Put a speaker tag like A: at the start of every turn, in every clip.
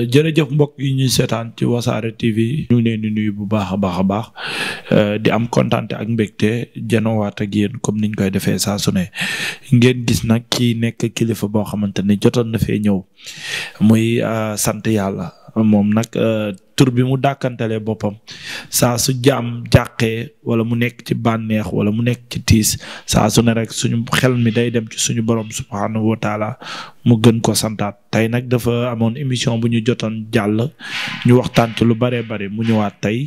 A: Euh, jërëjëf mbokk yi ñuy seetaan ci wasaare TV ñu ngi leen di nuyu bu baax a baax a baax euh, di am kontante ak mbégte janowaat ak yéen comme niñ koy defee saa su ne ngeen gis nag kii nekk kilifa boo xamante ne jotoon na fee ñëw muy euh, sant yàlla moom nag tur bi mu dàkkantalee boppam saa su jaam jàqee wala mu nekk ci bànneex wala mu nekk ci tiis saa su ne rek suñu xel mi day dem ci suñu borom subhaanahu wa mu gën ko santaat tey nag dafa amoon émission bu ñu jotoon jàll ñu waxtaan ci lu baree bari mu ñëwaat tey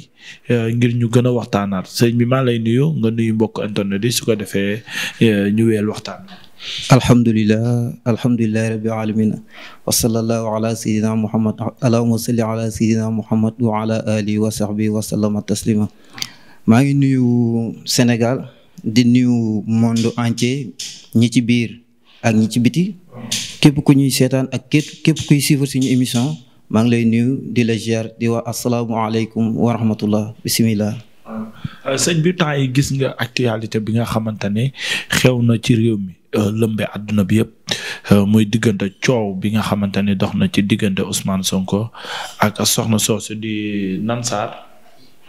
A: euh, ngir ñu gën a waxtaanaat sëñ bi maa lay nuyu nga nuyu mbokk internet yi su ko defee euh, ñu weel waxtaan
B: alhamdulilah alhamdulilahi rabbil alamina wa sallallahu ala sayyidina muhammad allahumma salli ala sayyidina muhammad wa ala alihi wa sahbihi wa sallama taslima maa ngi nuyu Sénégal di nuyu monde entier ñi ci biir ak ñi ci biti képp ku ñuy seetaan ak képp képp kuy suivre suñu émission maa ngi lay nuyu di la ziar di wax asalaamualeykum wa rahmatullah bismillah
A: sëñ bi temps yi gis nga actualité bi nga xamante ne xew na ci réew mi Euh, lëmbe àdduna bi yëpp euh, muy diggante coow bi nga xamante ni dox na ci diggante Ousmane Sonko ak soxna soosu di Nansar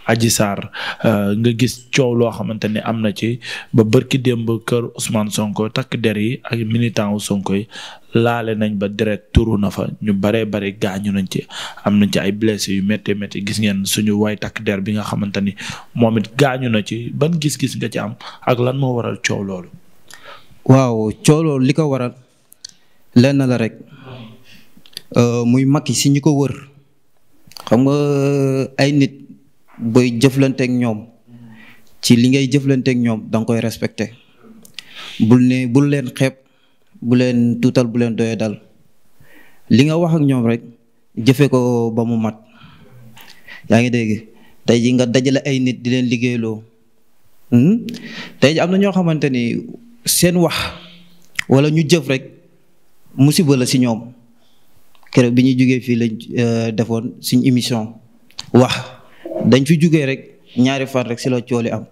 A: Adji Sarr euh, nga gis coow loo xamante ni am na ci ba bërki démb kër Ousmane Sonko takk der yi ak militant wu Sonko yi laale nañ ba deret turu na fa ñu baree bari gaañu nañ ci am nañ ci ay blessé yu métti métti gis ngeen suñu way takk der bi nga xamante ni moom it gaañu na ci ban gis-gis nga ci am ak lan moo waral coow loolu.
B: waaw cooloo li ko waral lenn la rek euh, muy Macky si ñi ko wër xam nga euh, ay nit booy jëflanteeg ñoom ci li ngay jëflanteeg ñoom danga koy respecté bul ne bul leen xeeb bu leen tuutal bu leen doye dal li nga wax ak ñoom rek jëfe ko ba mu mat yaa ngi dégg tey ji nga dajale ay nit di leen liggéeyloo hmm? tey am na ñoo xamante seen wax wala ñu jëf rek musiba la si ñoom keroog bi ñuy jugee fii lañ euh, defoon suñ émission wax dañ fi jógee rek ñaari fan rek si la cooli am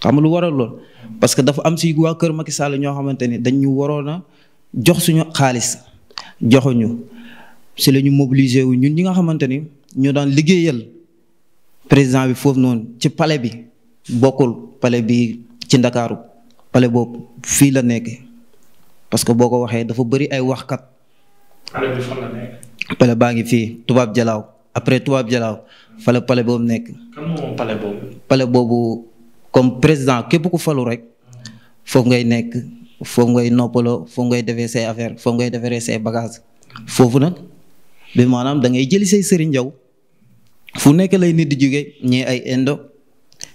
B: xam lu waral lool parce que dafa am si waa kër Macky Sall ñoo xamante ni dañ ñu waroon a jox suñu xaalis joxuñu si la ñu mobiliser wu ñun ñi nga xamante ni ñoo daan liggéeyal président bi foofu noonu ci pale bi bokkul pale bi ci Ndakaaru pale boobu fii la nekk parce que boo ko waxee dafa bëri ay waxkat.
A: pale bi fan la nekk.
B: pale baa ngi fii tubaab jalaaw après tubaab jalaaw fale pale boobu nekk.
A: kan moom pale boobu.
B: pale boobu comme président képp ku falu rek foofu ngay nekk foofu ngay noppaloo foofu ngay defee say affaire foofu ngay defaree say bagage foofu nag bi maanaam da ngay jëli say sëriñ jaw fu nekk lay nit di jóge ñii ay Indo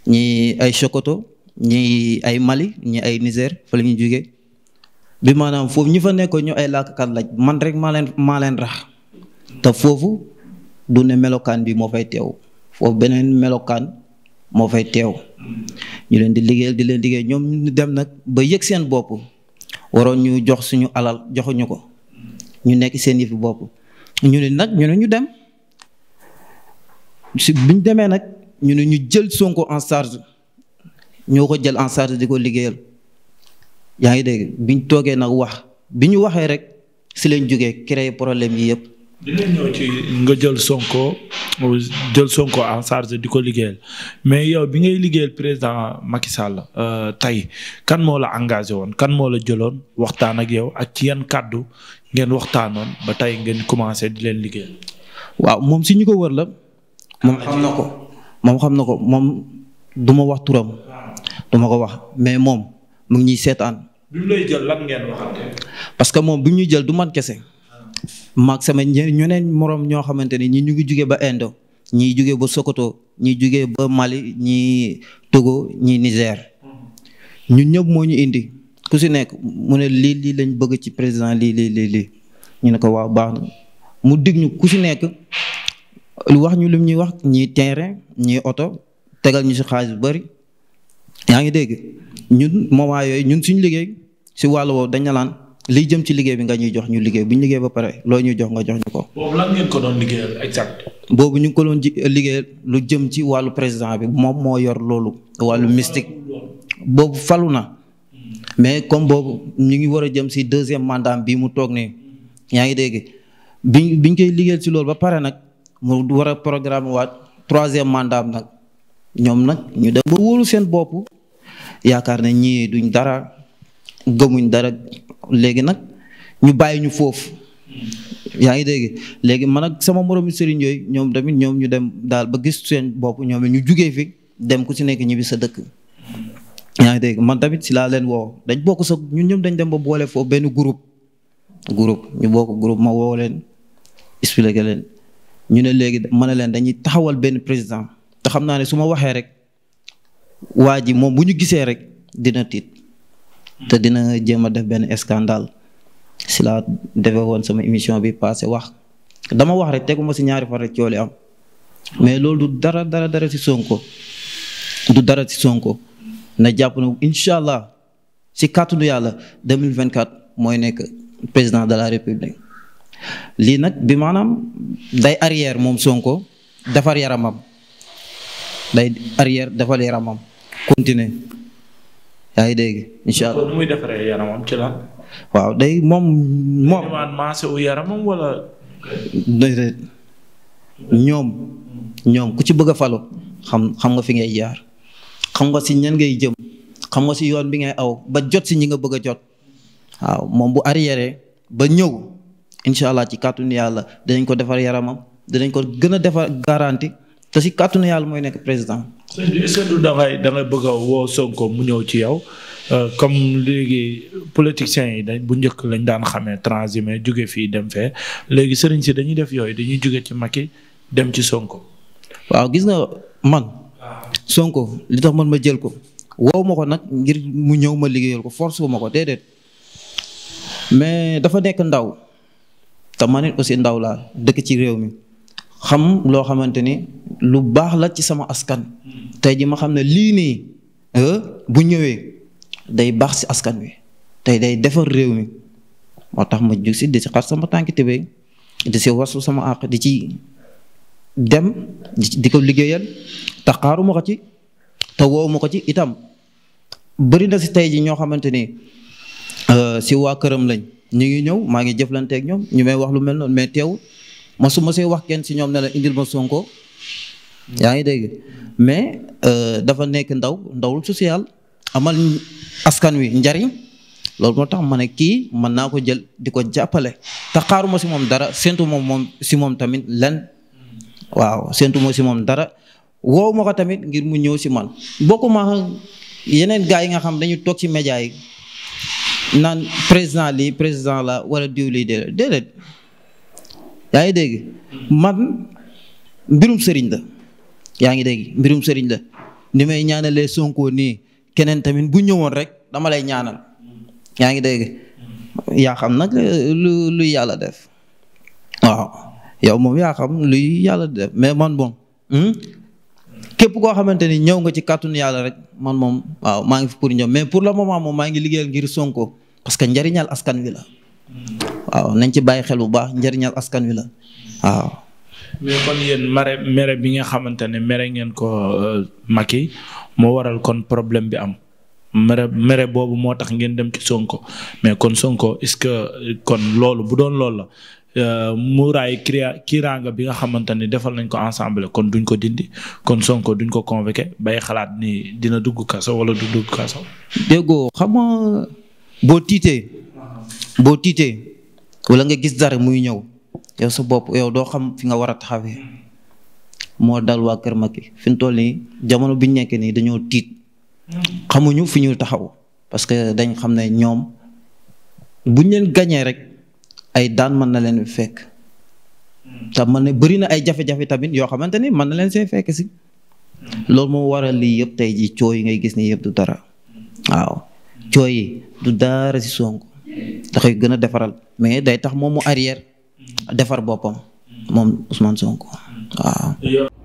B: ñii ay chocoto ñi ay Mali ñi ay Niger fa la ñuy jógee bi maanaam foofu ñi fa nekkoon ñu ay làkkat laaj man rek maa leen maa rax te foofu du ne melokaan bi moo fay teew foofu beneen melokaan moo fay teew ñu leen di liggéeyal di leen liggéey ñoom ñu dem nag ba yëg seen bopp waroon ñu jox suñu alal joxuñu ko ñu nekk seen yëfi bopp ñu ne nag ñu ne ñu dem si biñ demee nag ñu ne ñu jël Sonko en charge ñoo ko jël en charge di ko liggéeyal yaa ngi dégg biñ toogee nag wax bi ñu waxee rek si lañ jógee créer problème yi yëpp. dinañ ñëw ci nga jël Sonko
A: jël Sonko en charge di ko liggéeyal mais yow bi ngay liggéeyal président Macky Sall euh, tey kan moo la engagé woon kan moo la jëloon waxtaan ak yow ak ci yan
B: kàddu ngeen waxtaanoon
A: ba tey ngeen commencé di leen liggéeyal.
B: waaw moom si ñu ko wër la. moom xam na ko moom xam na ko moom du wax turam. duma ko wax mais moom mu ngi ñuy seetaan.
A: bi mu
B: parce que moom bu ñuy jël du man kese. maag sama ñeneen moroom ñoo xamante ni ñi ñu ngi jugee ba Indo ñii jugee ba Sokoto ñii jugee ba Mali ñii Togo ñii Niger. ñu ñëpp moo ñu indi ku si nekk mu ne lii lii lañ bëgg ci président lii lii lii ñu ne ko waaw baax na mu dig ñu ku si nekk wax ñu lim ñuy wax ñii terrain ñii oto tegal ñu si xaalis bu bari yaa ngi dégg ñun moment yooyu ñun suñu liggéey si wàllu woowu dañ na laan jëm ci liggéey bi nga ñuy jox ñu liggéey bu ñu ba pare loo ñuy jox nga jox ñu ko. boobu lan ñu ngi ko doon liggéeyal lu jëm ci wàllu président bi moom moo yor loolu. wàllu mystique boobu falu na. mais comme boobu ñu ngi war a jëm si deuxième mandat bii mu toog nii yaa ngi dégg biñ biñ koy liggéeyal si loolu ba pare nag mu war a programme waat troisième mandat nag. ñoom nag ñu dem ba wóolu seen boppu yaakaar ne ñii duñ dara gëmuñ dara léegi nag ñu bàyyi ñu foofu yaa ngi dégg léegi man ak sama moromu sëriñ yooyu ñoom tamit ñoom ñu dem daal ba gis seen bopp ñoom ñu jugee fi dem ku ci nekk ñibbi sa dëkk. yaa ngi dégg man tamit si laa leen woo dañ bokk sa ñun ñoom dañ dem ba boole foofu benn groupe groupe ñu bokk groupe ma woo leen leen ñu ne léegi ma ne leen dañuy taxawal benn président. te xam naa ne su ma waxee rek waa ji moom bu ñu gisee rek dina tiit te dina jéem a def benn scandale si laa defee woon sama émission bi passé wax dama wax rek teguma si ñaari fan rek cooli am mais loolu dara dara dara si Sonko du dara ci Sonko na jàpp na incha allah si kàttanu yàlla 2024 mooy nekk président de la république lii nag bi maanaam day arrière moom Sonko defar yaramam. day arrière defal yaramam ramam, continue. ngi dégg incha allah.
A: muy defare yaramam ci lan.
B: waaw day mom.
A: man masse u yaramam wala.
B: de ñom ñom ku ci bëgg a xam xam nga fi ngay jaar xam nga si ñan ngay jëm xam nga si yoon bi ngay aw ba jot si ñi nga bëgg jot waaw mom bu arrière ba ñew inshallah allah ci katun yàlla dañ ko defar yaramam dañ ko gëna a garantie garanti. te si kàttanu yàlla mooy nekk président.
A: sëñ bi est-ce que da bëgg woo Sonko mu ñëw ci yow euh, comme léegi politiciens yi dañ bu njëkk lañ daan xamee transhumé jóge fii dem léegi sëriñ dañuy def yooyu dañuy jóge ci mag Macky dem ci Sonko.
B: waaw gis na man. Sonko li tax man ma jël ko. woow ma ko nag ngir mu ñëw ma liggéeyal ko force ma ko déedéet mais dafa nekk ndaw te man it aussi ndaw laa dëkk ci réew mi. xam lo xamanteni ni lu bax la ci sama askan tay ji ma xamne ne ni euh bu ñëwee day bax si askan wi tay day defar réew mi motax ma jux ci di ci xar sama tanki tibéy di ci wasu sama àq di ci dem di ko liggéeyal taqaru xaaruma ko ci te woowuma ko ci itam bari na ci tay ji ño xamanteni ni euh, si wa kërëm lañ ñi ngi ñëw ma ngi ak ñom ñu may wax lu mel non mais ma su ma see wax kenn si ñoom na la indil ma Sonko yaa ngi dégg mais euh, dafa nekk ndaw ndawul social amal askan wi njariñ loolu moo tax ma ne kii mën naa ko jël di ko jàppale te xaaruma si moom dara séntu moom moom si moom tamit lenn waaw séntu ma si moom dara woow ma ko tamit ngir mu ñëw si man bokkuma yeneen gars yi nga xam dañuy toog ci média yi naan président lii président la wala diw lii déedéet déedéet yaa ngi dégg man mbirum sëriñ la yaa ngi dégg mbirum sëriñ la ni may ñaanalee Sonko nii keneen tamit bu ñëwoon rek dama lay ñaanal yaa ngi dégg yaa xam nag eh, lu lu yàlla def waaw yow moom yaa xam luy yàlla def mais man bon hmm? képp koo xamante ni ñëw nga ci kàttanu yàlla rek man moom waaw maa ngi fi pour ñëw mais pour le moment moom maa ngi liggéeyal ngir Sonko parce que askan wi la waaw nañ ci bàyyi xel bu baax njëriñal askan wi la waaw.
A: mais kon yéen mere mere bi nga xamante ne ngeen ko euh, maki moo waral kon problème bi am mere mere boobu moo tax ngeen dem ci Sonko mais kon Sonko est-ce que kon loolu bu doon loolu la euh, muraay kira kiranga bi nga xamante defal nañ ko ensemble kon duñ ko dindi kon Sonko duñ ko convoqué bay xalaat ni dina dugg kaso wala du dugg
B: kaso. déggoo xam nga boo tiitee boo wala nga gis dara muy ñëw yow sa bopp yow doo xam fi nga war a taxawee moo dal waa Kër Macky fi mu toll nii jamono bi ñu nii dañoo tiit xamuñu fi ñu taxaw parce que dañ xam ne ñoom buñ leen gañee rek ay daan mën na leen fekk. te man ne bëri na ay jafe tamit yoo xamante ni mën na leen see fekk si. loolu moo waral lii yëpp tey ji coow yi ngay gis nii yëpp du dara waaw coow yi du dara si Sonko da koy gën a defaral mais day tax moom mu arrière mm. defar boppam moom Ousmane Sonko mm. waaw.